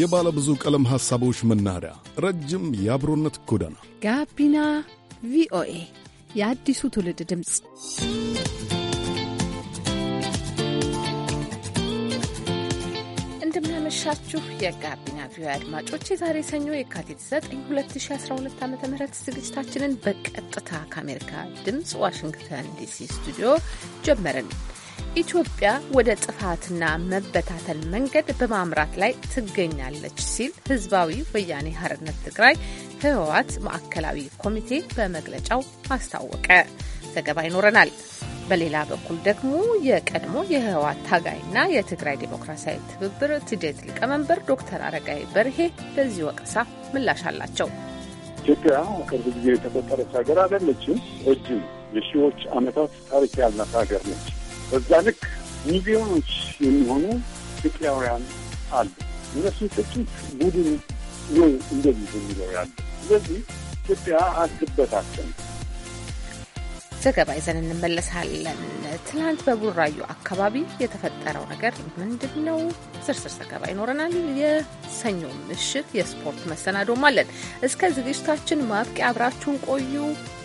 የባለ ብዙ ቀለም ሐሳቦች መናኸሪያ፣ ረጅም የአብሮነት ጎዳና ጋቢና ቪኦኤ የአዲሱ ትውልድ ድምፅ። እንደምናመሻችሁ የጋቢና ቪኦኤ አድማጮች፣ የዛሬ ሰኞ የካቲት 9 2012 ዓ ም ዝግጅታችንን በቀጥታ ከአሜሪካ ድምፅ ዋሽንግተን ዲሲ ስቱዲዮ ጀመርን። ኢትዮጵያ ወደ ጥፋትና መበታተል መንገድ በማምራት ላይ ትገኛለች ሲል ህዝባዊ ወያኔ ሀርነት ትግራይ ህወሓት ማዕከላዊ ኮሚቴ በመግለጫው አስታወቀ። ዘገባ ይኖረናል። በሌላ በኩል ደግሞ የቀድሞ የህወሓት ታጋይና የትግራይ ዴሞክራሲያዊ ትብብር ትዴት ሊቀመንበር ዶክተር አረጋይ በርሄ በዚህ ወቀሳ ምላሽ አላቸው። ኢትዮጵያ ቅርብ ጊዜ የተፈጠረች ሀገር አይደለችም። ረጅም የሺዎች ዓመታት ታሪክ ያላት ሀገር ነች። በዛ ልክ ሚሊዮኖች የሚሆኑ ኢትዮጵያውያን አሉ። እነሱ ጥቂት ቡድን ነው እንደዚህ የሚለው ያለ። ስለዚህ ኢትዮጵያ አትበታተን። ዘገባ ይዘን እንመለሳለን። ትናንት በቡራዩ አካባቢ የተፈጠረው ነገር ምንድን ነው? ዝርዝር ዘገባ ይኖረናል። የሰኞ ምሽት የስፖርት መሰናዶም አለን። እስከ ዝግጅታችን ማብቂያ አብራችሁን ቆዩ።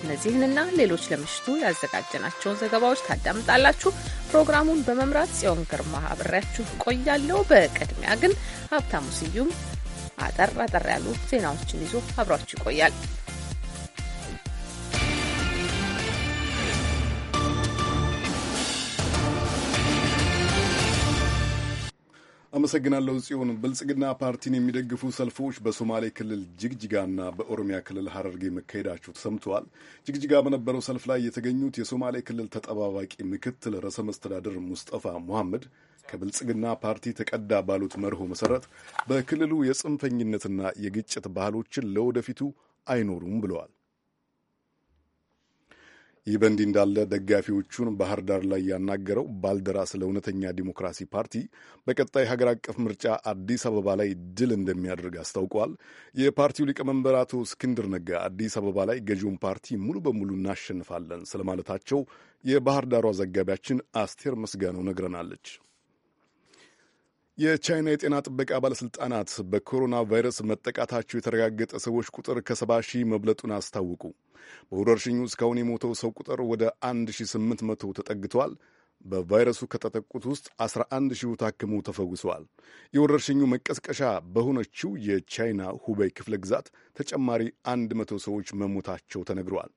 እነዚህንና ሌሎች ለምሽቱ ያዘጋጀናቸውን ዘገባዎች ታዳምጣላችሁ። ፕሮግራሙን በመምራት ጽዮን ግርማ አብሬያችሁ ቆያለሁ። በቅድሚያ ግን ሀብታሙ ስዩም አጠር አጠር ያሉ ዜናዎችን ይዞ አብሯችሁ ይቆያል። አመሰግናለሁ ጽዮን። ብልጽግና ፓርቲን የሚደግፉ ሰልፎች በሶማሌ ክልል ጅግጅጋና በኦሮሚያ ክልል ሀረርጌ መካሄዳቸው ተሰምተዋል። ጅግጅጋ በነበረው ሰልፍ ላይ የተገኙት የሶማሌ ክልል ተጠባባቂ ምክትል ርዕሰ መስተዳድር ሙስጠፋ ሙሐመድ ከብልጽግና ፓርቲ ተቀዳ ባሉት መርሆ መሰረት በክልሉ የጽንፈኝነትና የግጭት ባህሎችን ለወደፊቱ አይኖሩም ብለዋል። ይህ በእንዲህ እንዳለ ደጋፊዎቹን ባህር ዳር ላይ ያናገረው ባልደራስ ለእውነተኛ ዲሞክራሲ ፓርቲ በቀጣይ ሀገር አቀፍ ምርጫ አዲስ አበባ ላይ ድል እንደሚያደርግ አስታውቋል። የፓርቲው ሊቀመንበር አቶ እስክንድር ነጋ አዲስ አበባ ላይ ገዢውን ፓርቲ ሙሉ በሙሉ እናሸንፋለን ስለማለታቸው የባህር ዳሯ ዘጋቢያችን አስቴር ምስጋናው ነግረናለች። የቻይና የጤና ጥበቃ ባለሥልጣናት በኮሮና ቫይረስ መጠቃታቸው የተረጋገጠ ሰዎች ቁጥር ከ ሺህ መብለጡን አስታውቁ በወረርሽኙ እስካሁን የሞተው ሰው ቁጥር ወደ 1800 ተጠግቷል። በቫይረሱ ከተጠቁት ውስጥ 11 ሺሁ ታክመው ተፈውሰዋል። የወረርሽኙ መቀስቀሻ በሆነችው የቻይና ሁበይ ክፍለ ግዛት ተጨማሪ 100 ሰዎች መሞታቸው ተነግረዋል።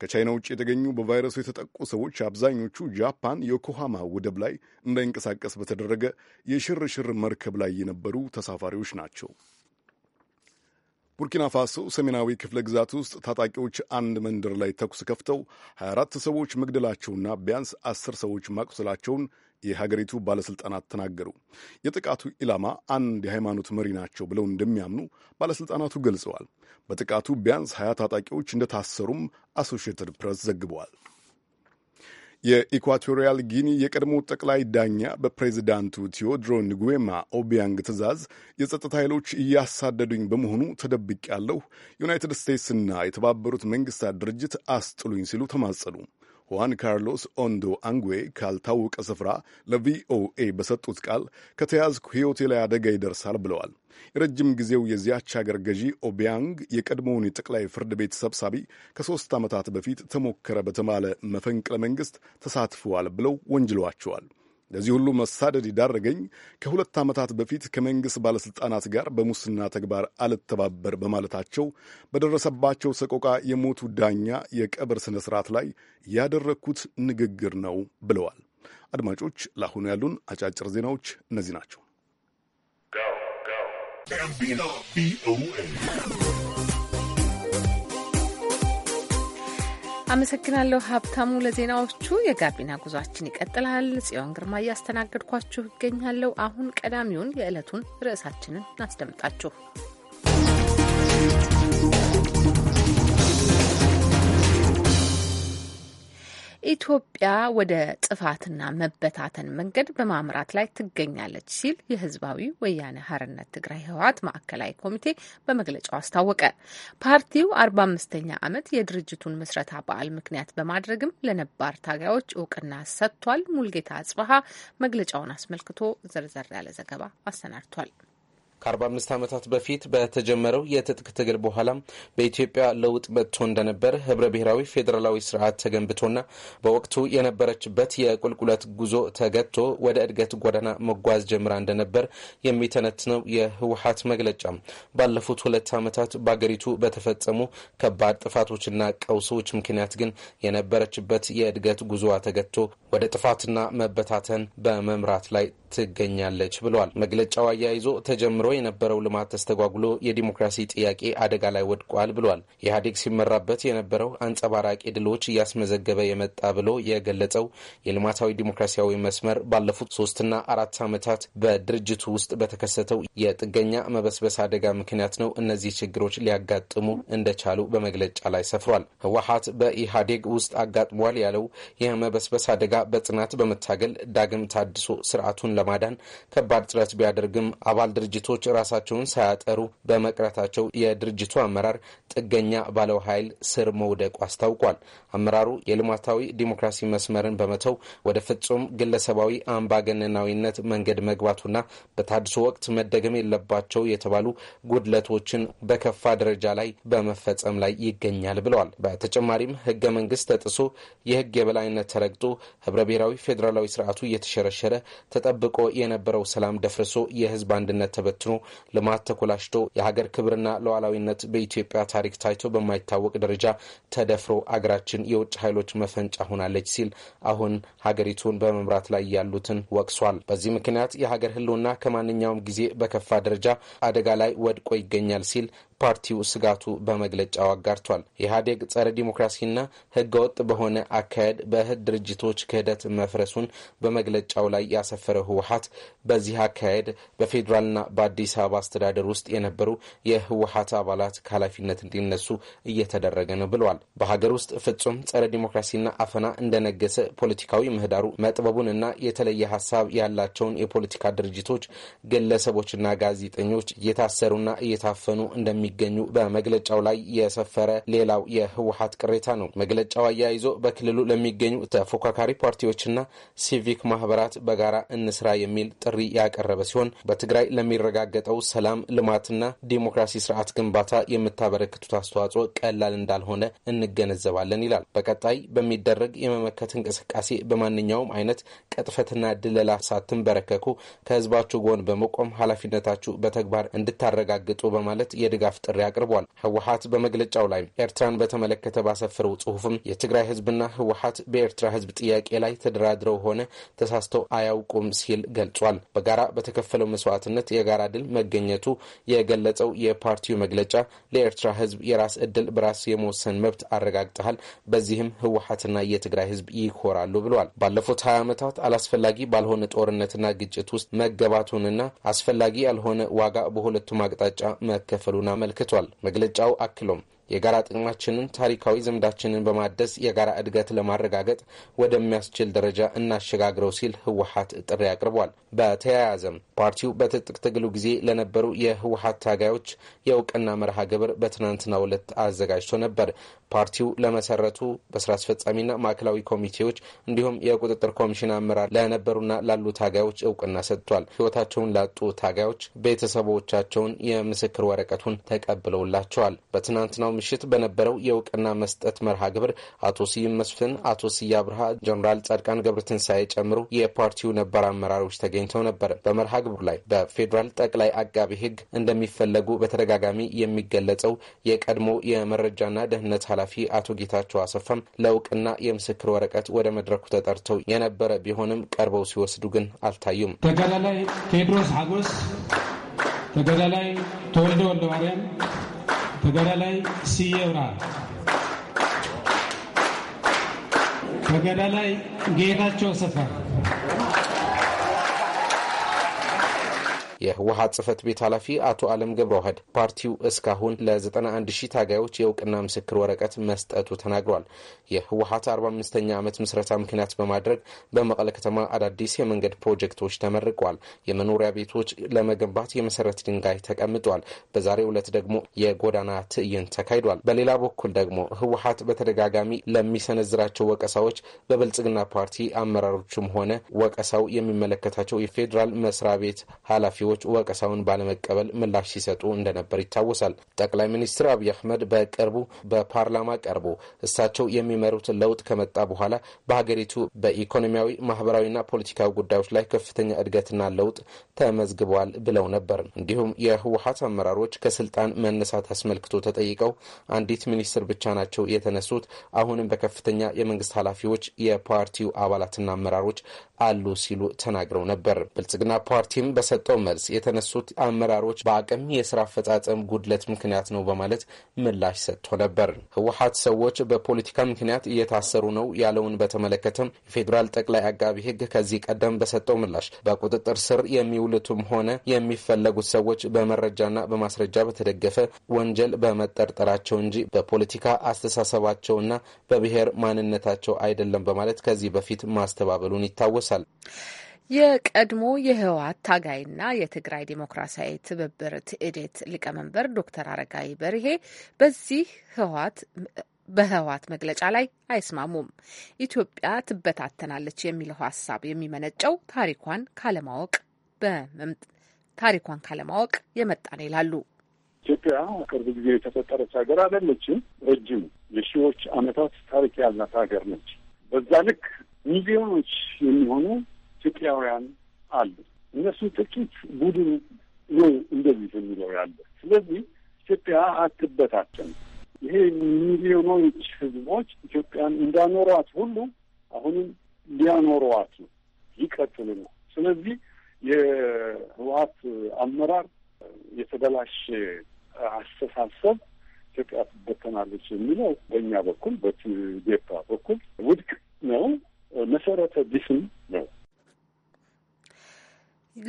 ከቻይና ውጭ የተገኙ በቫይረሱ የተጠቁ ሰዎች አብዛኞቹ ጃፓን ዮኮሃማ ወደብ ላይ እንዳይንቀሳቀስ በተደረገ የሽርሽር መርከብ ላይ የነበሩ ተሳፋሪዎች ናቸው። ቡርኪና ፋሶ ሰሜናዊ ክፍለ ግዛት ውስጥ ታጣቂዎች አንድ መንደር ላይ ተኩስ ከፍተው 24 ሰዎች መግደላቸውና ቢያንስ 10 ሰዎች ማቁሰላቸውን የሀገሪቱ ባለሥልጣናት ተናገሩ። የጥቃቱ ኢላማ አንድ የሃይማኖት መሪ ናቸው ብለው እንደሚያምኑ ባለሥልጣናቱ ገልጸዋል። በጥቃቱ ቢያንስ 20 ታጣቂዎች እንደታሰሩም አሶሺየትድ ፕሬስ ዘግበዋል። የኢኳቶሪያል ጊኒ የቀድሞ ጠቅላይ ዳኛ በፕሬዚዳንቱ ቴዎድሮ ንጉዌማ ኦቢያንግ ትዕዛዝ የጸጥታ ኃይሎች እያሳደዱኝ በመሆኑ ያለሁ ዩናይትድ ስቴትስና የተባበሩት መንግስታት ድርጅት አስጥሉኝ ሲሉ ተማጸኑ። ሁዋን ካርሎስ ኦንዶ አንጉዌ ካልታወቀ ስፍራ ለቪኦኤ በሰጡት ቃል ከተያዝኩ ሕይወቴ ላይ አደጋ ይደርሳል ብለዋል። የረጅም ጊዜው የዚያች አገር ገዢ ኦቢያንግ የቀድሞውን የጠቅላይ ፍርድ ቤት ሰብሳቢ ከሦስት ዓመታት በፊት ተሞከረ በተባለ መፈንቅለ መንግሥት ተሳትፈዋል ብለው ወንጅለዋቸዋል። ለዚህ ሁሉ መሳደድ ይዳረገኝ ከሁለት ዓመታት በፊት ከመንግሥት ባለሥልጣናት ጋር በሙስና ተግባር አልተባበር በማለታቸው በደረሰባቸው ሰቆቃ የሞቱ ዳኛ የቀብር ሥነ ሥርዓት ላይ ያደረግኩት ንግግር ነው ብለዋል። አድማጮች፣ ለአሁኑ ያሉን አጫጭር ዜናዎች እነዚህ ናቸው። አመሰግናለሁ ሀብታሙ ለዜናዎቹ። የጋቢና ጉዟችን ይቀጥላል። ጽዮን ግርማ እያስተናገድኳችሁ ይገኛለሁ። አሁን ቀዳሚውን የዕለቱን ርዕሳችንን እናስደምጣችሁ። ኢትዮጵያ ወደ ጥፋትና መበታተን መንገድ በማምራት ላይ ትገኛለች ሲል የህዝባዊ ወያነ ሀርነት ትግራይ ህወሀት ማዕከላዊ ኮሚቴ በመግለጫው አስታወቀ። ፓርቲው አርባ አምስተኛ ዓመት የድርጅቱን ምስረታ በዓል ምክንያት በማድረግም ለነባር ታጋዮች እውቅና ሰጥቷል። ሙልጌታ አጽበሀ መግለጫውን አስመልክቶ ዘርዘር ያለ ዘገባ አሰናድቷል። ከ45 ዓመታት በፊት በተጀመረው የትጥቅ ትግል በኋላም በኢትዮጵያ ለውጥ መጥቶ እንደነበር ህብረ ብሔራዊ ፌዴራላዊ ስርዓት ተገንብቶና በወቅቱ የነበረችበት የቁልቁለት ጉዞ ተገጥቶ ወደ እድገት ጎዳና መጓዝ ጀምራ እንደነበር የሚተነትነው የህወሀት መግለጫ ባለፉት ሁለት ዓመታት በአገሪቱ በተፈጸሙ ከባድ ጥፋቶችና ቀውሶች ምክንያት ግን የነበረችበት የእድገት ጉዞ ተገጥቶ ወደ ጥፋትና መበታተን በመምራት ላይ ትገኛለች ብለዋል። መግለጫው አያይዞ ተጀምሮ የነበረው ልማት ተስተጓጉሎ የዲሞክራሲ ጥያቄ አደጋ ላይ ወድቋል ብሏል። ኢህአዴግ ሲመራበት የነበረው አንጸባራቂ ድሎች እያስመዘገበ የመጣ ብሎ የገለጸው የልማታዊ ዲሞክራሲያዊ መስመር ባለፉት ሶስትና አራት ዓመታት በድርጅቱ ውስጥ በተከሰተው የጥገኛ መበስበስ አደጋ ምክንያት ነው እነዚህ ችግሮች ሊያጋጥሙ እንደቻሉ በመግለጫ ላይ ሰፍሯል። ህወሀት በኢህአዴግ ውስጥ አጋጥሟል ያለው የመበስበስ አደጋ በጽናት በመታገል ዳግም ታድሶ ስርዓቱን ለማዳን ከባድ ጥረት ቢያደርግም አባል ድርጅቶች ራሳቸውን ሳያጠሩ በመቅረታቸው የድርጅቱ አመራር ጥገኛ ባለው ኃይል ስር መውደቁ አስታውቋል። አመራሩ የልማታዊ ዲሞክራሲ መስመርን በመተው ወደ ፍጹም ግለሰባዊ አምባገነናዊነት መንገድ መግባቱና በታድሶ ወቅት መደገም የለባቸው የተባሉ ጉድለቶችን በከፋ ደረጃ ላይ በመፈጸም ላይ ይገኛል ብለዋል። በተጨማሪም ህገ መንግስት ተጥሶ የህግ የበላይነት ተረግጦ ህብረ ብሔራዊ ፌዴራላዊ ስርዓቱ እየተሸረሸረ ተጠብ ተጠብቆ የነበረው ሰላም ደፍርሶ የህዝብ አንድነት ተበትኖ ልማት ተኮላሽቶ የሀገር ክብርና ሉዓላዊነት በኢትዮጵያ ታሪክ ታይቶ በማይታወቅ ደረጃ ተደፍሮ አገራችን የውጭ ኃይሎች መፈንጫ ሆናለች ሲል አሁን ሀገሪቱን በመምራት ላይ ያሉትን ወቅሷል። በዚህ ምክንያት የሀገር ህልውና ከማንኛውም ጊዜ በከፋ ደረጃ አደጋ ላይ ወድቆ ይገኛል ሲል ፓርቲው ስጋቱ በመግለጫው አጋርቷል። ኢህአዴግ ጸረ ዲሞክራሲና ወጥ በሆነ አካሄድ በእህድ ድርጅቶች ክህደት መፍረሱን በመግለጫው ላይ ያሰፈረው ህወሀት በዚህ አካሄድ በፌዴራልና በአዲስ አበባ አስተዳደር ውስጥ የነበሩ የህወሀት አባላት ከኃላፊነት እንዲነሱ እየተደረገ ነው ብለዋል። በሀገር ውስጥ ፍጹም ጸረ ዲሞክራሲና አፈና እንደነገሰ ፖለቲካዊ ምህዳሩ መጥበቡንና የተለየ ሀሳብ ያላቸውን የፖለቲካ ድርጅቶች ግለሰቦችና ጋዜጠኞች እየታሰሩና እየታፈኑ እንደሚ እንደሚገኙ በመግለጫው ላይ የሰፈረ ሌላው የህወሀት ቅሬታ ነው። መግለጫው አያይዞ በክልሉ ለሚገኙ ተፎካካሪ ፓርቲዎችና ሲቪክ ማህበራት በጋራ እንስራ የሚል ጥሪ ያቀረበ ሲሆን በትግራይ ለሚረጋገጠው ሰላም፣ ልማትና ዲሞክራሲ ስርዓት ግንባታ የምታበረክቱት አስተዋጽኦ ቀላል እንዳልሆነ እንገነዘባለን ይላል። በቀጣይ በሚደረግ የመመከት እንቅስቃሴ በማንኛውም አይነት ቅጥፈትና ድለላ ሳትንበረከኩ ከህዝባችሁ ጎን በመቆም ኃላፊነታችሁ በተግባር እንድታረጋግጡ በማለት የድጋፍ ድጋፍ ጥሪ አቅርቧል። ህወሀት በመግለጫው ላይ ኤርትራን በተመለከተ ባሰፈረው ጽሁፍም የትግራይ ህዝብና ህወሀት በኤርትራ ህዝብ ጥያቄ ላይ ተደራድረው ሆነ ተሳስተው አያውቁም ሲል ገልጿል። በጋራ በተከፈለው መስዋዕትነት የጋራ ድል መገኘቱ የገለጸው የፓርቲው መግለጫ ለኤርትራ ህዝብ የራስ እድል በራስ የመወሰን መብት አረጋግጠሃል፣ በዚህም ህወሀትና የትግራይ ህዝብ ይኮራሉ ብሏል። ባለፉት ሀያ ዓመታት አላስፈላጊ ባልሆነ ጦርነትና ግጭት ውስጥ መገባቱንና አስፈላጊ ያልሆነ ዋጋ በሁለቱም አቅጣጫ መከፈሉን አመልክቷል። መግለጫው አክሎም የጋራ ጥቅማችንን፣ ታሪካዊ ዘምዳችንን በማደስ የጋራ እድገት ለማረጋገጥ ወደሚያስችል ደረጃ እናሸጋግረው ሲል ህወሀት ጥሪ አቅርቧል። በተያያዘም ፓርቲው በትጥቅ ትግሉ ጊዜ ለነበሩ የህወሀት ታጋዮች የእውቅና መርሃ ግብር በትናንትናው ዕለት አዘጋጅቶ ነበር። ፓርቲው ለመሰረቱ በስራ አስፈጻሚና ማዕከላዊ ኮሚቴዎች እንዲሁም የቁጥጥር ኮሚሽን አመራር ለነበሩና ላሉ ታጋዮች እውቅና ሰጥቷል። ህይወታቸውን ላጡ ታጋዮች ቤተሰቦቻቸውን የምስክር ወረቀቱን ተቀብለውላቸዋል። በትናንትናው ምሽት በነበረው የእውቅና መስጠት መርሃ ግብር አቶ ስዩም መስፍን፣ አቶ ስዬ አብርሃ፣ ጀኔራል ጻድቃን ገብረትንሳኤ ጨምሮ የፓርቲው ነባር አመራሮች ተገኝተው ነበር። በመርሃ ግብሩ ላይ በፌዴራል ጠቅላይ አቃቢ ህግ እንደሚፈለጉ በተደጋጋሚ የሚገለጸው የቀድሞ የመረጃና ደህንነት ኃላፊ ኃላፊ አቶ ጌታቸው አሰፋም ለእውቅና የምስክር ወረቀት ወደ መድረኩ ተጠርተው የነበረ ቢሆንም ቀርበው ሲወስዱ ግን አልታዩም። ተጋዳላይ ቴድሮስ ሀጎስ፣ ተጋዳላይ ተወልደ ወልደ ማርያም፣ ተጋዳላይ ስየብራ፣ ብርሃን፣ ተጋዳላይ ጌታቸው አሰፋ የህወሀት ጽህፈት ቤት ኃላፊ አቶ አለም ገብረ ፓርቲው እስካሁን ለ91 ሺህ ታጋዮች የእውቅና ምስክር ወረቀት መስጠቱ ተናግሯል። የህወሀት 45ኛ ዓመት ምስረታ ምክንያት በማድረግ በመቀለ ከተማ አዳዲስ የመንገድ ፕሮጀክቶች ተመርቋል። የመኖሪያ ቤቶች ለመገንባት የመሰረት ድንጋይ ተቀምጧል። በዛሬው ዕለት ደግሞ የጎዳና ትዕይንት ተካሂዷል። በሌላ በኩል ደግሞ ህወሀት በተደጋጋሚ ለሚሰነዝራቸው ወቀሳዎች በብልጽግና ፓርቲ አመራሮችም ሆነ ወቀሳው የሚመለከታቸው የፌዴራል መስሪያ ቤት ኃላፊዎች ሰዎች ወቀሳውን ባለመቀበል ምላሽ ሲሰጡ እንደነበር ይታወሳል። ጠቅላይ ሚኒስትር አብይ አህመድ በቅርቡ በፓርላማ ቀርቦ እሳቸው የሚመሩት ለውጥ ከመጣ በኋላ በሀገሪቱ በኢኮኖሚያዊ ማህበራዊና ፖለቲካዊ ጉዳዮች ላይ ከፍተኛ እድገትና ለውጥ ተመዝግበዋል ብለው ነበር። እንዲሁም የህወሀት አመራሮች ከስልጣን መነሳት አስመልክቶ ተጠይቀው አንዲት ሚኒስትር ብቻ ናቸው የተነሱት፣ አሁንም በከፍተኛ የመንግስት ኃላፊዎች የፓርቲው አባላትና አመራሮች አሉ ሲሉ ተናግረው ነበር። ብልጽግና ፓርቲም በሰጠው መልስ የተነሱት አመራሮች በአቅም የስራ አፈጻጸም ጉድለት ምክንያት ነው በማለት ምላሽ ሰጥቶ ነበር። ህወሀት ሰዎች በፖለቲካ ምክንያት እየታሰሩ ነው ያለውን በተመለከተም የፌዴራል ጠቅላይ አቃቢ ህግ ከዚህ ቀደም በሰጠው ምላሽ በቁጥጥር ስር የሚውሉትም ሆነ የሚፈለጉት ሰዎች በመረጃና በማስረጃ በተደገፈ ወንጀል በመጠርጠራቸው እንጂ በፖለቲካ አስተሳሰባቸውና በብሔር ማንነታቸው አይደለም በማለት ከዚህ በፊት ማስተባበሉን ይታወሳል። ይታወሳል። የቀድሞ የህወሀት ታጋይና የትግራይ ዴሞክራሲያዊ ትብብር ትዕዴት ሊቀመንበር ዶክተር አረጋዊ በርሄ በዚህ ህወሀት በህወሀት መግለጫ ላይ አይስማሙም። ኢትዮጵያ ትበታተናለች የሚለው ሀሳብ የሚመነጨው ታሪኳን ካለማወቅ ታሪኳን ካለማወቅ የመጣ ነው ይላሉ። ኢትዮጵያ ቅርብ ጊዜ የተፈጠረች ሀገር አይደለችም። ረጅም የሺዎች ዓመታት ታሪክ ያላት ሀገር ነች። በዛ ልክ ሚሊዮኖች የሚሆኑ ኢትዮጵያውያን አሉ። እነሱ ጥቂት ቡድን ነው እንደዚህ የሚለው ያለ። ስለዚህ ኢትዮጵያ አትበታተን። ይሄ ሚሊዮኖች ህዝቦች ኢትዮጵያን እንዳኖሯት ሁሉ አሁንም ሊያኖሯት ነው፣ ይቀጥሉ ነው። ስለዚህ የህወሀት አመራር የተበላሸ አስተሳሰብ ኢትዮጵያ ትበተናለች የሚለው በእኛ በኩል በቲዴፓ በኩል ውድቅ ነው። መሰረተ ቢስም ነው።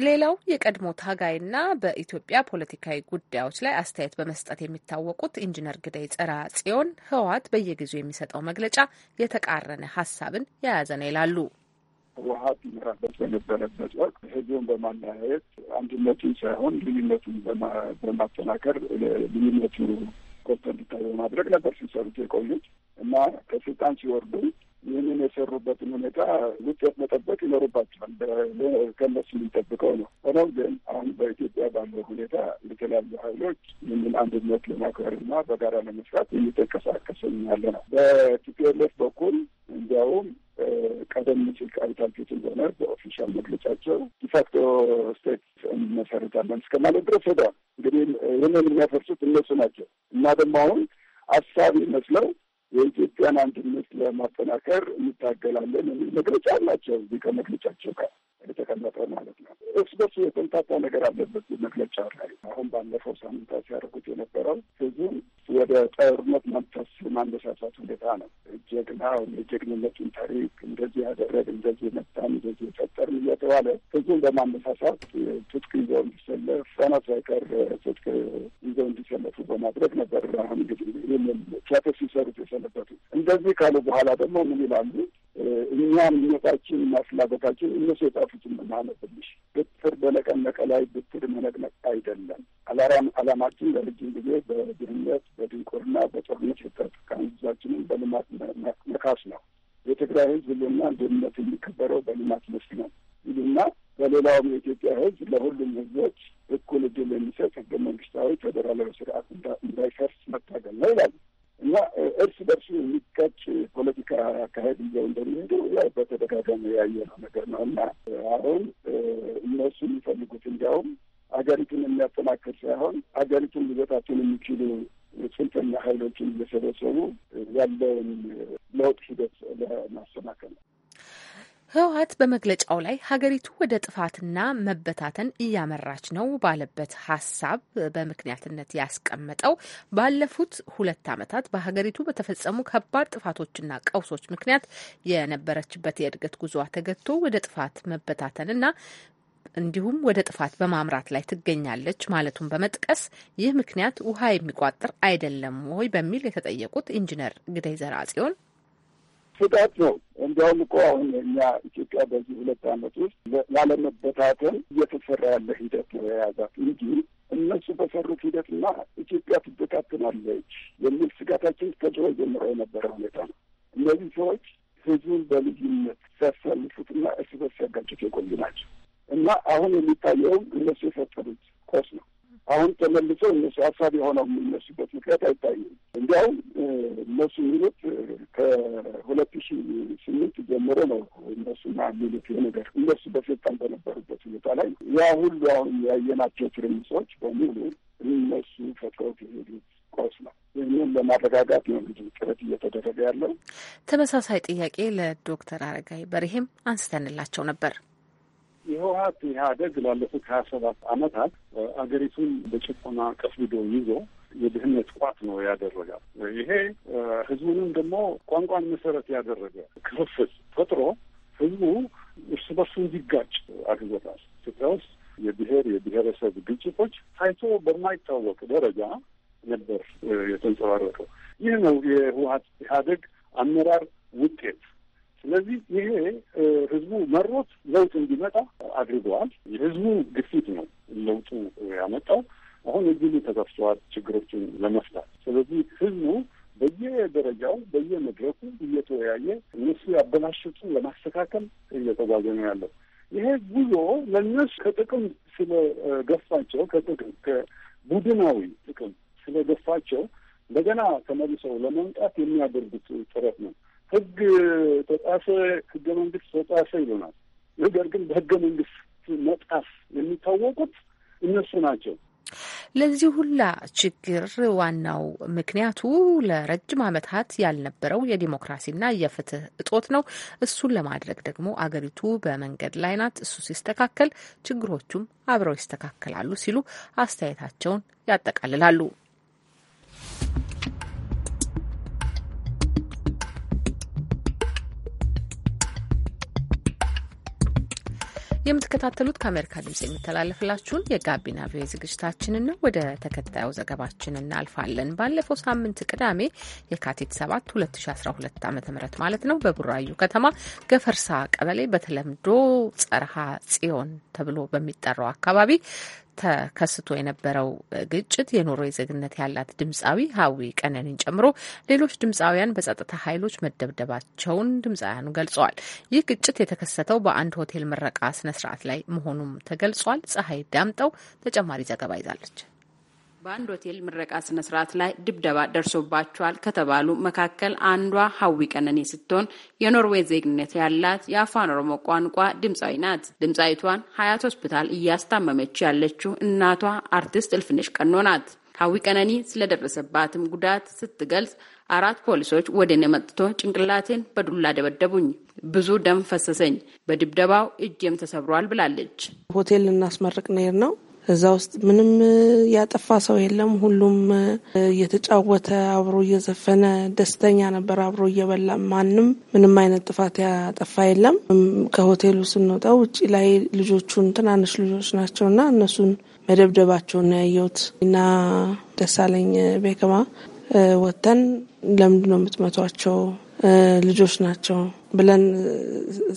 ሌላው የቀድሞ ታጋይና በኢትዮጵያ ፖለቲካዊ ጉዳዮች ላይ አስተያየት በመስጠት የሚታወቁት ኢንጂነር ግዳይ ጸረ ጽዮን ህወሀት በየጊዜው የሚሰጠው መግለጫ የተቃረነ ሀሳብን የያዘ ነው ይላሉ። ህወሀት ይመራበት በነበረበት ወቅት ህዝቡን በማለያየት አንድነቱን ሳይሆን ልዩነቱን በማጠናከር ልዩነቱ ጎልቶ እንዲታይ በማድረግ ነበር ሲሰሩት የቆዩት እና ከስልጣን ሲወርዱ ይህንን የሰሩበትን ሁኔታ ውጤት መጠበቅ ይኖሩባቸዋል። ከነሱ የሚጠብቀው ነው። ሆኖም ግን አሁን በኢትዮጵያ ባለው ሁኔታ የተለያዩ ኃይሎች ይህንን አንድነት ለማክበርና በጋራ ለመስራት የሚጠቀሳቀስ ያለ ነው። በቲፒኤልኤፍ በኩል እንዲያውም ቀደም ሲል ቃልታችሁት እንደሆነ በኦፊሻል መግለጫቸው ዲፋክቶ ስቴት እንመሰረታለን እስከ ማለት ድረስ ሄደዋል። እንግዲህ ይህንን የሚያፈርሱት እነሱ ናቸው እና ደግሞ አሁን አሳቢ መስለው የኢትዮጵያን አንድነት ለማጠናከር እንታገላለን የሚል መግለጫ አላቸው እዚህ ከመግለጫቸው ጋር የተቀመጠ ማለት ነው። እርስ በርሱ የተንታታ ነገር አለበት። መግለጫ ላይ አሁን ባለፈው ሳምንታት ሲያደርጉት የነበረው ህዝቡን ወደ ጦርነት መንፈስ ማነሳሳት ሁኔታ ነው። ጀግናው የጀግንነቱን ታሪክ እንደዚህ ያደረግ እንደዚህ መጣን እንደዚህ የፈጠርን እየተባለ ህዝቡን በማነሳሳት ትጥቅ ይዘው እንዲሰለፍ ህጻናት ሳይቀር ትጥቅ ይዘው እንዲሰለፉ በማድረግ ነበር። አሁን እንግዲህ ይህንን ሲሰሩት የሰነበቱ እንደዚህ ካሉ በኋላ ደግሞ ምን ይላሉ? እኛም ምኞታችን እና ፍላጎታችን እነሱ የጻፉትን ማለት ብትር በነቀነቀ ላይ ብትር መነቅነቅ አይደለም። አላራም አላማችን ለረጅም ጊዜ በድህነት በድንቁርና በጦርነት የተጠቃን ህዝባችንን በልማት መካስ ነው። የትግራይ ህዝብ ህልና ድህነት የሚከበረው በልማት መስክ ነው ይሉና በሌላውም የኢትዮጵያ ህዝብ ለሁሉም ህዝቦች እኩል እድል የሚሰጥ ህገ መንግስታዊ ፌዴራላዊ ስርዓት እንዳይፈርስ መታገል ነው ይላሉ እና እርስ በርሱ የሚ የሚቀጭ ፖለቲካ አካሄድ ይዘው እንደሚሄዱ ያው በተደጋጋሚ ያየነው ነገር ነው እና አሁን እነሱ የሚፈልጉት እንዲያውም አገሪቱን የሚያጠናክር ሳይሆን አገሪቱን ሊበታቱን የሚችሉ ጽንፈኛ ኃይሎችን እየሰበሰቡ ያለውን ለውጥ ሂደት ለማሰናከል ነው። ህወሀት በመግለጫው ላይ ሀገሪቱ ወደ ጥፋትና መበታተን እያመራች ነው ባለበት ሀሳብ በምክንያትነት ያስቀመጠው ባለፉት ሁለት ዓመታት በሀገሪቱ በተፈጸሙ ከባድ ጥፋቶችና ቀውሶች ምክንያት የነበረችበት የእድገት ጉዞዋ ተገቶ ወደ ጥፋት መበታተንና እንዲሁም ወደ ጥፋት በማምራት ላይ ትገኛለች ማለቱን በመጥቀስ ይህ ምክንያት ውሃ የሚቋጥር አይደለም ወይ በሚል የተጠየቁት ኢንጂነር ግደይ ዘርአጽዮን ስጋት ነው። እንዲያውም እኮ አሁን እኛ ኢትዮጵያ በዚህ ሁለት ዓመት ውስጥ ላለመበታተን እየተሰራ ያለ ሂደት ነው የያዛት እንጂ እነሱ በሰሩት ሂደትና ኢትዮጵያ ትበታተናለች የሚል ስጋታችን ከድሮ ጀምሮ የነበረ ሁኔታ ነው። እነዚህ ሰዎች ህዝቡን በልዩነት ሲያሳልፉትና እርስ በርስ ሲያጋጩት የቆዩ ናቸው እና አሁን የሚታየውም እነሱ የፈጠሩት ቆስ ነው። አሁን ተመልሶ እነሱ ሀሳብ የሆነው የሚነሱበት ምክንያት አይታይም። እንዲያውም እነሱ የሚሉት ከሁለት ሺ ስምንት ጀምሮ ነው እነሱና የሚሉት ይህ ነገር እነሱ በስልጣን በነበሩበት ሁኔታ ላይ ያ ሁሉ አሁን ያየናቸው ትርምሶች በሙሉ እነሱ ፈጥረውት የሄዱት ቀውስ ነው። ይህንን ለማረጋጋት ነው እንግዲህ ጥረት እየተደረገ ያለው። ተመሳሳይ ጥያቄ ለዶክተር አረጋይ በርሄም አንስተንላቸው ነበር። የህወሀት ኢህአደግ ላለፉት ሀያ ሰባት አመታት አገሪቱን በጭቆና ቀፍድዶ ይዞ የድህነት ቋት ነው ያደረጋል። ይሄ ህዝቡንም ደግሞ ቋንቋን መሰረት ያደረገ ክፍፍል ፈጥሮ ህዝቡ እርስ በርሱ እንዲጋጭ አድርጎታል። ኢትዮጵያ ውስጥ የብሔር የብሔረሰብ ግጭቶች ታይቶ በማይታወቅ ደረጃ ነበር የተንጸባረቀው። ይህ ነው የህወሀት ኢህአደግ አመራር ውጤት። ስለዚህ ይሄ ህዝቡ መሮት ለውጥ እንዲመጣ አድርገዋል። የህዝቡ ግፊት ነው ለውጡ ያመጣው። አሁን እድሉ ተከፍቷል ችግሮችን ለመፍታት። ስለዚህ ህዝቡ በየደረጃው በየመድረኩ እየተወያየ እነሱ ያበላሹትን ለማስተካከል እየተጓዘ ነው ያለው። ይሄ ጉዞ ለእነሱ ከጥቅም ስለገፋቸው ከጥቅም ከቡድናዊ ጥቅም ስለገፋቸው እንደገና ተመልሰው ለመምጣት የሚያደርጉት ጥረት ነው። ህግ ተጻፈ፣ ህገ መንግስት ተጻፈ ይሉናል። ነገር ግን በህገ መንግስት መጣፍ የሚታወቁት እነሱ ናቸው። ለዚህ ሁላ ችግር ዋናው ምክንያቱ ለረጅም ዓመታት ያልነበረው የዲሞክራሲና የፍትህ እጦት ነው። እሱን ለማድረግ ደግሞ አገሪቱ በመንገድ ላይ ናት። እሱ ሲስተካከል ችግሮቹም አብረው ይስተካከላሉ ሲሉ አስተያየታቸውን ያጠቃልላሉ። የምትከታተሉት ከአሜሪካ ድምጽ የሚተላለፍላችሁን የጋቢና ቪኦኤ ዝግጅታችንን ነው። ወደ ተከታዩ ዘገባችን እናልፋለን። ባለፈው ሳምንት ቅዳሜ የካቲት 7 2012 ዓ ም ማለት ነው በቡራዩ ከተማ ገፈርሳ ቀበሌ በተለምዶ ጸረሃ ጽዮን ተብሎ በሚጠራው አካባቢ ተከስቶ የነበረው ግጭት የኖርዌይ ዜግነት ያላት ድምፃዊ ሀዊ ቀነኒን ጨምሮ ሌሎች ድምፃውያን በጸጥታ ኃይሎች መደብደባቸውን ድምፃውያኑ ገልጸዋል። ይህ ግጭት የተከሰተው በአንድ ሆቴል ምረቃ ስነስርዓት ላይ መሆኑም ተገልጿል። ፀሐይ ዳምጠው ተጨማሪ ዘገባ ይዛለች። በአንድ ሆቴል ምረቃ ስነ ስርዓት ላይ ድብደባ ደርሶባቸዋል ከተባሉ መካከል አንዷ ሀዊ ቀነኔ ስትሆን የኖርዌይ ዜግነት ያላት የአፋን ኦሮሞ ቋንቋ ድምፃዊ ናት። ድምፃዊቷን ሀያት ሆስፒታል እያስታመመች ያለችው እናቷ አርቲስት እልፍነሽ ቀኖ ናት። ሀዊ ቀነኒ ስለደረሰባትም ጉዳት ስትገልጽ አራት ፖሊሶች ወደ እኔ መጥቶ ጭንቅላቴን በዱላ ደበደቡኝ፣ ብዙ ደም ፈሰሰኝ፣ በድብደባው እጄም ተሰብሯል ብላለች። ሆቴል ልናስመርቅ ነር ነው እዛ ውስጥ ምንም ያጠፋ ሰው የለም። ሁሉም እየተጫወተ አብሮ እየዘፈነ ደስተኛ ነበር። አብሮ እየበላ ማንም ምንም አይነት ጥፋት ያጠፋ የለም። ከሆቴሉ ስንወጣ ውጭ ላይ ልጆቹን ትናንሽ ልጆች ናቸው እና እነሱን መደብደባቸውን ያየሁት እና ደሳለኝ ቤከማ ወጥተን ለምንድን ነው የምትመቷቸው? ልጆች ናቸው ብለን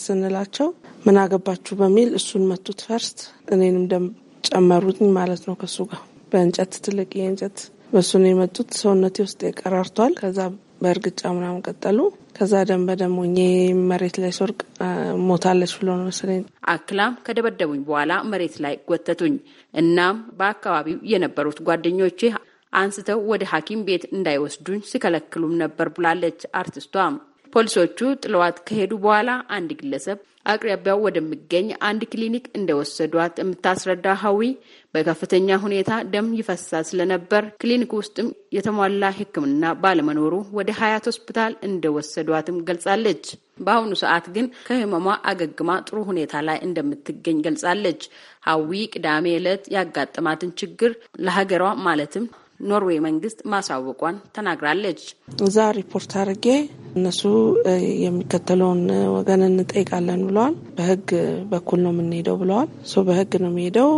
ስንላቸው ምን አገባችሁ በሚል እሱን መቱት ፈርስት እኔንም ደንብ? ጨመሩኝ ማለት ነው ከሱ ጋር በእንጨት ትልቅ የእንጨት በሱ ነው የመጡት። ሰውነቴ ውስጥ የቀራርቷል። ከዛ በእርግጫ ምናምን ቀጠሉ። ከዛ ደም በደም ሆኜ መሬት ላይ ስወርቅ ሞታለች ብሎ ነው መሰለኝ። አክላም ከደበደቡኝ በኋላ መሬት ላይ ጎተቱኝ። እናም በአካባቢው የነበሩት ጓደኞቼ አንስተው ወደ ሐኪም ቤት እንዳይወስዱኝ ሲከለክሉም ነበር ብላለች አርቲስቷም። ፖሊሶቹ ጥለዋት ከሄዱ በኋላ አንድ ግለሰብ አቅራቢያው ወደሚገኝ አንድ ክሊኒክ እንደወሰዷት የምታስረዳ ሀዊ በከፍተኛ ሁኔታ ደም ይፈሳ ስለነበር ክሊኒክ ውስጥም የተሟላ ሕክምና ባለመኖሩ ወደ ሀያት ሆስፒታል እንደወሰዷትም ገልጻለች። በአሁኑ ሰዓት ግን ከህመሟ አገግማ ጥሩ ሁኔታ ላይ እንደምትገኝ ገልጻለች። ሀዊ ቅዳሜ ዕለት ያጋጠማትን ችግር ለሀገሯ ማለትም ኖርዌይ መንግስት ማሳወቋን ተናግራለች። እዛ ሪፖርት አድርጌ እነሱ የሚከተለውን ወገን እንጠይቃለን ብለዋል። በህግ በኩል ነው የምንሄደው ብለዋል። ሶ በህግ ነው የሚሄደው።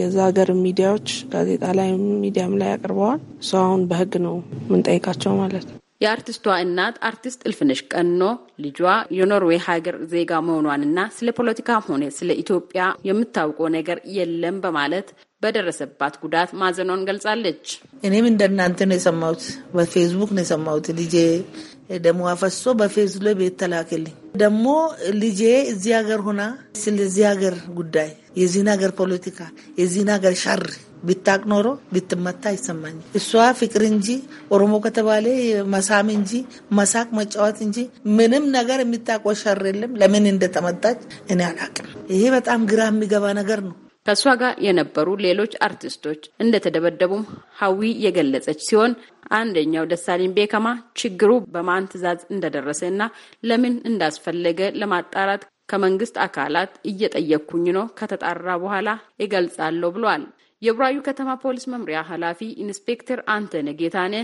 የዛ ሀገር ሚዲያዎች ጋዜጣ ላይ ሚዲያም ላይ አቅርበዋል። ሶ አሁን በህግ ነው የምንጠይቃቸው ማለት ነው። የአርቲስቷ እናት አርቲስት እልፍነሽ ቀኖ ልጇ የኖርዌይ ሀገር ዜጋ መሆኗንና ስለ ፖለቲካም ሆነ ስለ ኢትዮጵያ የምታውቀው ነገር የለም በማለት በደረሰባት ጉዳት ማዘኗን ገልጻለች። እኔም እንደናንተ ነው የሰማሁት፣ በፌስቡክ ነው የሰማሁት። ልጄ ደሞ አፈሶ በፌዝ ላይ ቤት ተላክልኝ። ደግሞ ልጄ እዚህ ሀገር ሆና ስለዚህ ሀገር ጉዳይ የዚህን ሀገር ፖለቲካ የዚህን ሀገር ሻር ብታቅ ኖሮ አይሰማኝ። እሷ ፍቅር እንጂ ኦሮሞ ከተባለ መሳም እንጂ መሳቅ መጫወት እንጂ ምንም ነገር የሚታቆሸር የለም። ለምን እንደተመጣች እኔ አላቅም። ይሄ በጣም ግራ የሚገባ ነገር ነው። ከእሷ ጋር የነበሩ ሌሎች አርቲስቶች እንደተደበደቡም ሀዊ የገለጸች ሲሆን አንደኛው ደሳሊን ቤከማ ችግሩ በማን ትዕዛዝ እንደደረሰ እና ለምን እንዳስፈለገ ለማጣራት ከመንግስት አካላት እየጠየቅኩኝ ነው፣ ከተጣራ በኋላ እገልጻለሁ ብሏል። የቡራዩ ከተማ ፖሊስ መምሪያ ኃላፊ ኢንስፔክተር አንተነ ጌታነ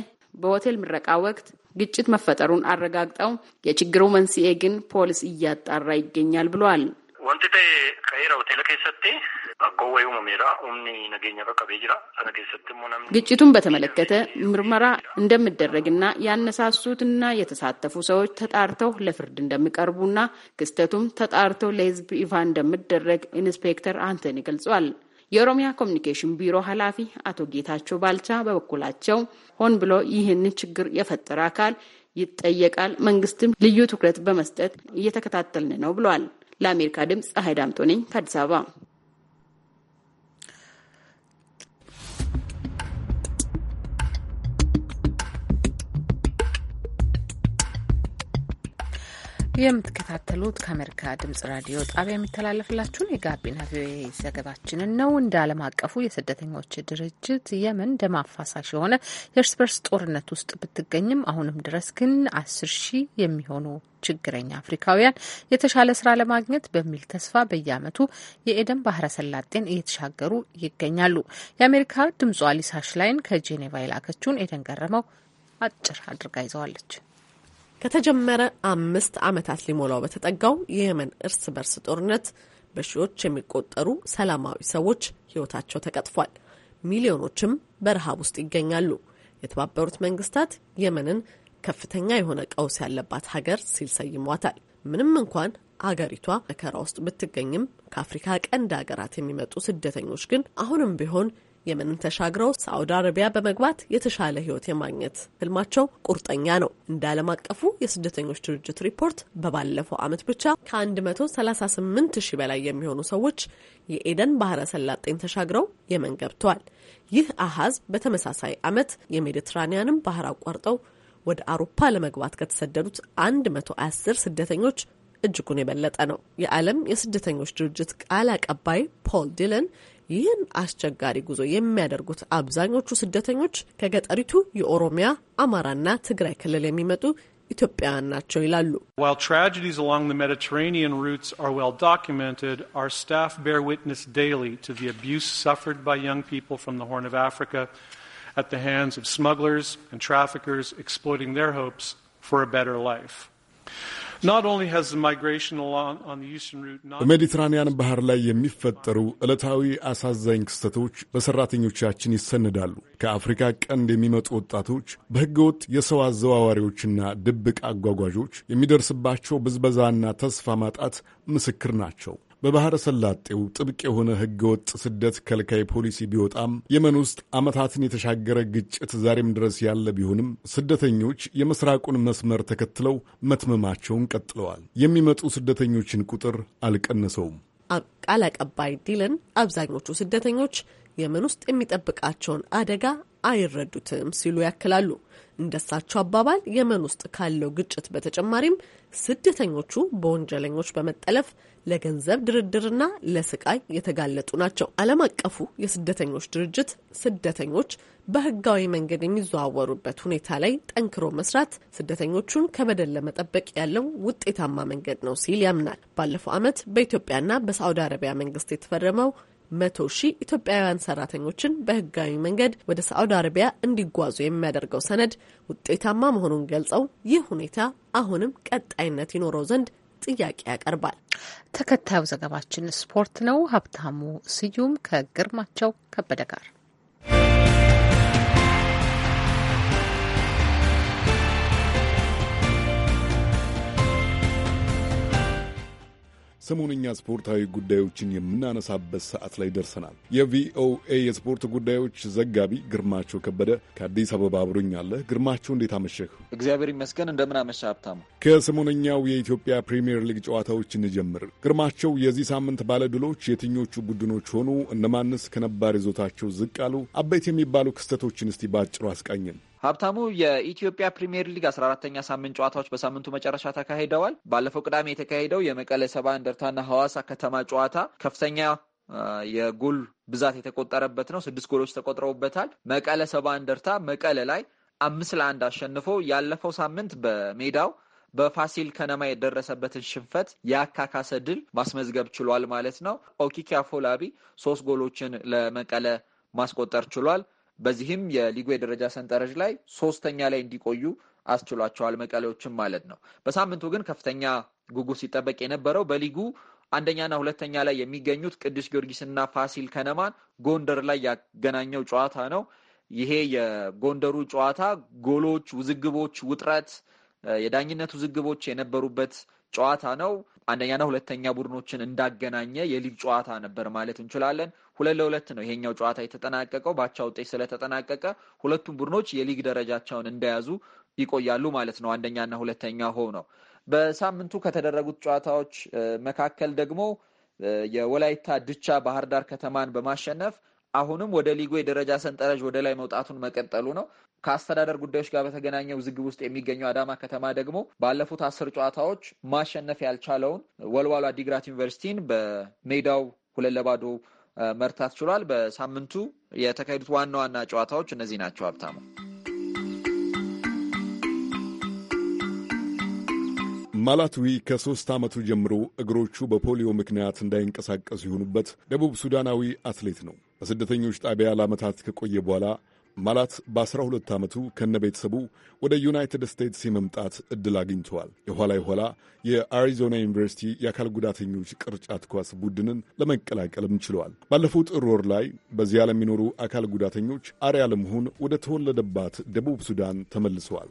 በሆቴል ምረቃ ወቅት ግጭት መፈጠሩን አረጋግጠው የችግሩ መንስኤ ግን ፖሊስ እያጣራ ይገኛል ወንቲቴ ወንቲ ሆቴል ግጭቱን በተመለከተ ምርመራ እንደሚደረግና ያነሳሱትና የተሳተፉ ሰዎች ተጣርተው ለፍርድ እንደሚቀርቡና ክስተቱም ተጣርተው ለሕዝብ ይፋ እንደሚደረግ ኢንስፔክተር አንቶኒ ገልጿል። የኦሮሚያ ኮሚኒኬሽን ቢሮ ኃላፊ አቶ ጌታቸው ባልቻ በበኩላቸው ሆን ብሎ ይህንን ችግር የፈጠረ አካል ይጠየቃል፣ መንግስትም ልዩ ትኩረት በመስጠት እየተከታተልን ነው ብሏል። ለአሜሪካ ድምፅ ፀሐይ ዳምጦ ነኝ ከአዲስ አበባ። የምትከታተሉት ከአሜሪካ ድምጽ ራዲዮ ጣቢያ የሚተላለፍላችሁን የጋቢና ቪኦኤ ዘገባችንን ነው። እንደ ዓለም አቀፉ የስደተኞች ድርጅት የመን ደም አፋሳሽ የሆነ የእርስ በርስ ጦርነት ውስጥ ብትገኝም አሁንም ድረስ ግን አስር ሺህ የሚሆኑ ችግረኛ አፍሪካውያን የተሻለ ስራ ለማግኘት በሚል ተስፋ በየአመቱ የኤደን ባህረ ሰላጤን እየተሻገሩ ይገኛሉ። የአሜሪካ ድምጿ ሊሳ ሽላይን ከጄኔቫ የላከችውን ኤደን ገረመው አጭር አድርጋ ይዘዋለች። ከተጀመረ አምስት ዓመታት ሊሞላው በተጠጋው የየመን እርስ በርስ ጦርነት በሺዎች የሚቆጠሩ ሰላማዊ ሰዎች ሕይወታቸው ተቀጥፏል። ሚሊዮኖችም በረሃብ ውስጥ ይገኛሉ። የተባበሩት መንግስታት የመንን ከፍተኛ የሆነ ቀውስ ያለባት ሀገር ሲል ሰይሟታል። ምንም እንኳን አገሪቷ መከራ ውስጥ ብትገኝም ከአፍሪካ ቀንድ ሀገራት የሚመጡ ስደተኞች ግን አሁንም ቢሆን የመንን ተሻግረው ሳዑዲ አረቢያ በመግባት የተሻለ ሕይወት የማግኘት ህልማቸው ቁርጠኛ ነው። እንደ ዓለም አቀፉ የስደተኞች ድርጅት ሪፖርት በባለፈው ዓመት ብቻ ከ138 ሺህ በላይ የሚሆኑ ሰዎች የኤደን ባህረ ሰላጤን ተሻግረው የመን ገብተዋል። ይህ አሃዝ በተመሳሳይ ዓመት የሜዲትራኒያንም ባህር አቋርጠው ወደ አውሮፓ ለመግባት ከተሰደዱት 110 ስደተኞች እጅጉን የበለጠ ነው። የዓለም የስደተኞች ድርጅት ቃል አቀባይ ፖል ዲለን While tragedies along the Mediterranean routes are well documented, our staff bear witness daily to the abuse suffered by young people from the Horn of Africa at the hands of smugglers and traffickers exploiting their hopes for a better life. በሜዲትራንያን ባህር ላይ የሚፈጠሩ ዕለታዊ አሳዛኝ ክስተቶች በሠራተኞቻችን ይሰንዳሉ። ከአፍሪካ ቀንድ የሚመጡ ወጣቶች በሕገወጥ የሰው አዘዋዋሪዎችና ድብቅ አጓጓዦች የሚደርስባቸው ብዝበዛና ተስፋ ማጣት ምስክር ናቸው። በባህረ ሰላጤው ጥብቅ የሆነ ህገወጥ ስደት ከልካይ ፖሊሲ ቢወጣም የመን ውስጥ ዓመታትን የተሻገረ ግጭት ዛሬም ድረስ ያለ ቢሆንም ስደተኞች የምስራቁን መስመር ተከትለው መትመማቸውን ቀጥለዋል። የሚመጡ ስደተኞችን ቁጥር አልቀነሰውም። ቃል አቀባይ ዲለን አብዛኞቹ ስደተኞች የመን ውስጥ የሚጠብቃቸውን አደጋ አይረዱትም ሲሉ ያክላሉ። እንደሳቸው አባባል የመን ውስጥ ካለው ግጭት በተጨማሪም ስደተኞቹ በወንጀለኞች በመጠለፍ ለገንዘብ ድርድርና ለስቃይ የተጋለጡ ናቸው። ዓለም አቀፉ የስደተኞች ድርጅት ስደተኞች በሕጋዊ መንገድ የሚዘዋወሩበት ሁኔታ ላይ ጠንክሮ መስራት ስደተኞቹን ከበደል ለመጠበቅ ያለው ውጤታማ መንገድ ነው ሲል ያምናል። ባለፈው ዓመት በኢትዮጵያና በሳዑዲ አረቢያ መንግስት የተፈረመው መቶ ሺህ ኢትዮጵያውያን ሰራተኞችን በህጋዊ መንገድ ወደ ሳዑዲ አረቢያ እንዲጓዙ የሚያደርገው ሰነድ ውጤታማ መሆኑን ገልጸው ይህ ሁኔታ አሁንም ቀጣይነት ይኖረው ዘንድ ጥያቄ ያቀርባል። ተከታዩ ዘገባችን ስፖርት ነው። ሀብታሙ ስዩም ከግርማቸው ከበደ ጋር ሰሞንኛ ስፖርታዊ ጉዳዮችን የምናነሳበት ሰዓት ላይ ደርሰናል። የቪኦኤ የስፖርት ጉዳዮች ዘጋቢ ግርማቸው ከበደ ከአዲስ አበባ አብሮኛለህ። ግርማቸው እንዴት አመሸህ? እግዚአብሔር ይመስገን። እንደምን አመሸ ሀብታሙ። ከሰሞነኛው የኢትዮጵያ ፕሪምየር ሊግ ጨዋታዎች እንጀምር። ግርማቸው፣ የዚህ ሳምንት ባለድሎች የትኞቹ ቡድኖች ሆኑ? እነማንስ ከነባር ይዞታቸው ዝቅ አሉ? አበይት የሚባሉ ክስተቶችን እስቲ ባጭሩ አስቃኝን። ሀብታሙ የኢትዮጵያ ፕሪምየር ሊግ አስራ አራተኛ ሳምንት ጨዋታዎች በሳምንቱ መጨረሻ ተካሂደዋል። ባለፈው ቅዳሜ የተካሄደው የመቀለ ሰባ እንደርታና ሐዋሳ ከተማ ጨዋታ ከፍተኛ የጎል ብዛት የተቆጠረበት ነው። ስድስት ጎሎች ተቆጥረውበታል። መቀለ ሰባ እንደርታ መቀለ ላይ አምስት ለአንድ አሸንፎ ያለፈው ሳምንት በሜዳው በፋሲል ከነማ የደረሰበትን ሽንፈት የአካካሰ ድል ማስመዝገብ ችሏል ማለት ነው። ኦኪኪ አፎላቢ ሶስት ጎሎችን ለመቀለ ማስቆጠር ችሏል። በዚህም የሊጉ የደረጃ ሰንጠረዥ ላይ ሶስተኛ ላይ እንዲቆዩ አስችሏቸዋል መቀሌዎችም ማለት ነው። በሳምንቱ ግን ከፍተኛ ጉጉት ሲጠበቅ የነበረው በሊጉ አንደኛና ሁለተኛ ላይ የሚገኙት ቅዱስ ጊዮርጊስና ፋሲል ከነማን ጎንደር ላይ ያገናኘው ጨዋታ ነው። ይሄ የጎንደሩ ጨዋታ ጎሎች፣ ውዝግቦች፣ ውጥረት፣ የዳኝነት ውዝግቦች የነበሩበት ጨዋታ ነው። አንደኛና ሁለተኛ ቡድኖችን እንዳገናኘ የሊግ ጨዋታ ነበር ማለት እንችላለን። ሁለት ለሁለት ነው ይሄኛው ጨዋታ የተጠናቀቀው። በአቻ ውጤት ስለተጠናቀቀ ሁለቱም ቡድኖች የሊግ ደረጃቸውን እንደያዙ ይቆያሉ ማለት ነው። አንደኛና ሁለተኛ ሆነው በሳምንቱ ከተደረጉት ጨዋታዎች መካከል ደግሞ የወላይታ ድቻ ባህር ዳር ከተማን በማሸነፍ አሁንም ወደ ሊጉ የደረጃ ሰንጠረዥ ወደ ላይ መውጣቱን መቀጠሉ ነው። ከአስተዳደር ጉዳዮች ጋር በተገናኘው ውዝግብ ውስጥ የሚገኘው አዳማ ከተማ ደግሞ ባለፉት አስር ጨዋታዎች ማሸነፍ ያልቻለውን ወልዋሎ አዲግራት ዩኒቨርሲቲን በሜዳው ሁለት ለባዶ መርታት ችሏል። በሳምንቱ የተካሄዱት ዋና ዋና ጨዋታዎች እነዚህ ናቸው። ሀብታሙ ማላትዊ ከሦስት ዓመቱ ጀምሮ እግሮቹ በፖሊዮ ምክንያት እንዳይንቀሳቀሱ የሆኑበት ደቡብ ሱዳናዊ አትሌት ነው። በስደተኞች ጣቢያ ለዓመታት ከቆየ በኋላ ማላት በ12 ዓመቱ ከነ ቤተሰቡ ወደ ዩናይትድ ስቴትስ የመምጣት ዕድል አግኝተዋል። የኋላ የኋላ የአሪዞና ዩኒቨርሲቲ የአካል ጉዳተኞች ቅርጫት ኳስ ቡድንን ለመቀላቀልም ችለዋል። ባለፈው ጥር ወር ላይ በዚያ ለሚኖሩ አካል ጉዳተኞች አርያ ለመሆን ወደ ተወለደባት ደቡብ ሱዳን ተመልሰዋል።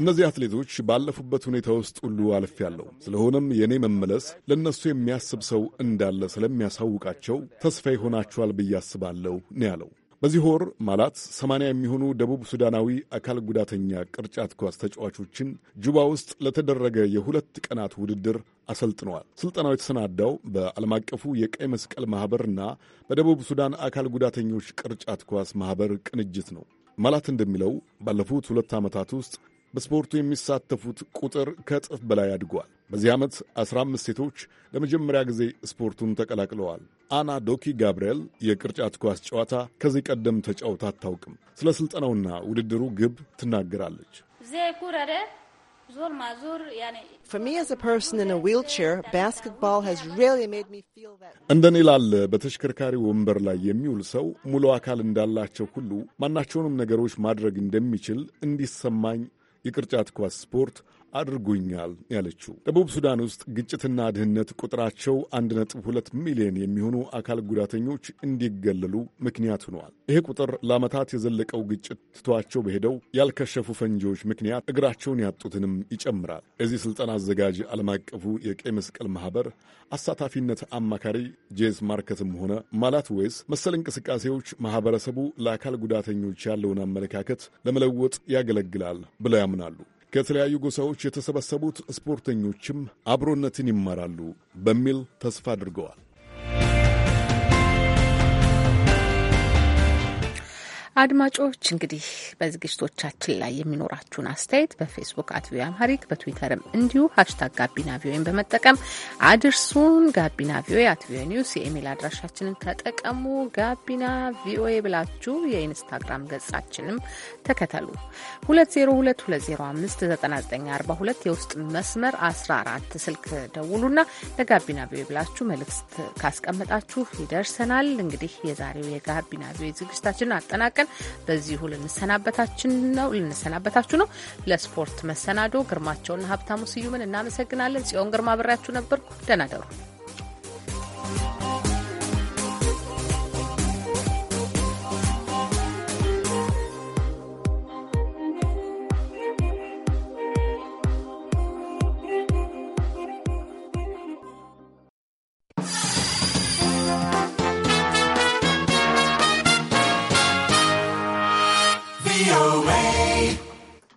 እነዚህ አትሌቶች ባለፉበት ሁኔታ ውስጥ ሁሉ አልፌያለሁ። ስለሆነም የእኔ መመለስ ለእነሱ የሚያስብ ሰው እንዳለ ስለሚያሳውቃቸው ተስፋ ይሆናችኋል ብዬ አስባለሁ ነው ያለው። በዚህ ወር ማላት ሰማንያ የሚሆኑ ደቡብ ሱዳናዊ አካል ጉዳተኛ ቅርጫት ኳስ ተጫዋቾችን ጁባ ውስጥ ለተደረገ የሁለት ቀናት ውድድር አሰልጥነዋል። ሥልጠናው የተሰናዳው በዓለም አቀፉ የቀይ መስቀል ማኅበርና በደቡብ ሱዳን አካል ጉዳተኞች ቅርጫት ኳስ ማኅበር ቅንጅት ነው። ማላት እንደሚለው ባለፉት ሁለት ዓመታት ውስጥ በስፖርቱ የሚሳተፉት ቁጥር ከእጥፍ በላይ አድጓል። በዚህ ዓመት 15 ሴቶች ለመጀመሪያ ጊዜ ስፖርቱን ተቀላቅለዋል። አና ዶኪ ጋብርኤል የቅርጫት ኳስ ጨዋታ ከዚህ ቀደም ተጫውታ አታውቅም። ስለ ሥልጠናውና ውድድሩ ግብ ትናገራለች። እንደ እኔ ላለ በተሽከርካሪ ወንበር ላይ የሚውል ሰው ሙሉ አካል እንዳላቸው ሁሉ ማናቸውንም ነገሮች ማድረግ እንደሚችል እንዲሰማኝ የቅርጫት ኳስ ስፖርት አድርጉኛል ያለችው። ደቡብ ሱዳን ውስጥ ግጭትና ድህነት ቁጥራቸው 1.2 ሚሊዮን የሚሆኑ አካል ጉዳተኞች እንዲገለሉ ምክንያት ሆኗል። ይሄ ቁጥር ለዓመታት የዘለቀው ግጭት ትቷቸው በሄደው ያልከሸፉ ፈንጂዎች ምክንያት እግራቸውን ያጡትንም ይጨምራል። የዚህ ስልጠና አዘጋጅ ዓለም አቀፉ የቀይ መስቀል ማኅበር አሳታፊነት አማካሪ ጄስ ማርከትም ሆነ ማላት ወይስ መሰል እንቅስቃሴዎች ማኅበረሰቡ ለአካል ጉዳተኞች ያለውን አመለካከት ለመለወጥ ያገለግላል ብለው ያምናሉ። ከተለያዩ ጎሳዎች የተሰበሰቡት ስፖርተኞችም አብሮነትን ይማራሉ በሚል ተስፋ አድርገዋል። አድማጮች እንግዲህ በዝግጅቶቻችን ላይ የሚኖራችሁን አስተያየት በፌስቡክ አት ቪኦኤ አምሃሪክ በትዊተርም እንዲሁ ሀሽታግ ጋቢና ቪኦኤን በመጠቀም አድርሱን። ጋቢና ቪኦኤ አት ቪኦኤ ኒውስ የኢሜይል አድራሻችንን ተጠቀሙ። ጋቢና ቪኦኤ ብላችሁ የኢንስታግራም ገጻችንም ተከተሉ። 2022059942 የውስጥ መስመር 14 ስልክ ደውሉና ለጋቢና ቪኦኤ ብላችሁ መልእክት ካስቀመጣችሁ ይደርሰናል። እንግዲህ የዛሬው የጋቢና ቪኦኤ ዝግጅታችንን አጠናቀ አድርገን በዚሁ ልንሰናበታችን ነው ልንሰናበታችሁ ነው። ለስፖርት መሰናዶ ግርማቸውና ሀብታሙ ስዩምን እናመሰግናለን። ጽዮን ግርማ ብሬያችሁ ነበርኩ። ደህና ደሩ።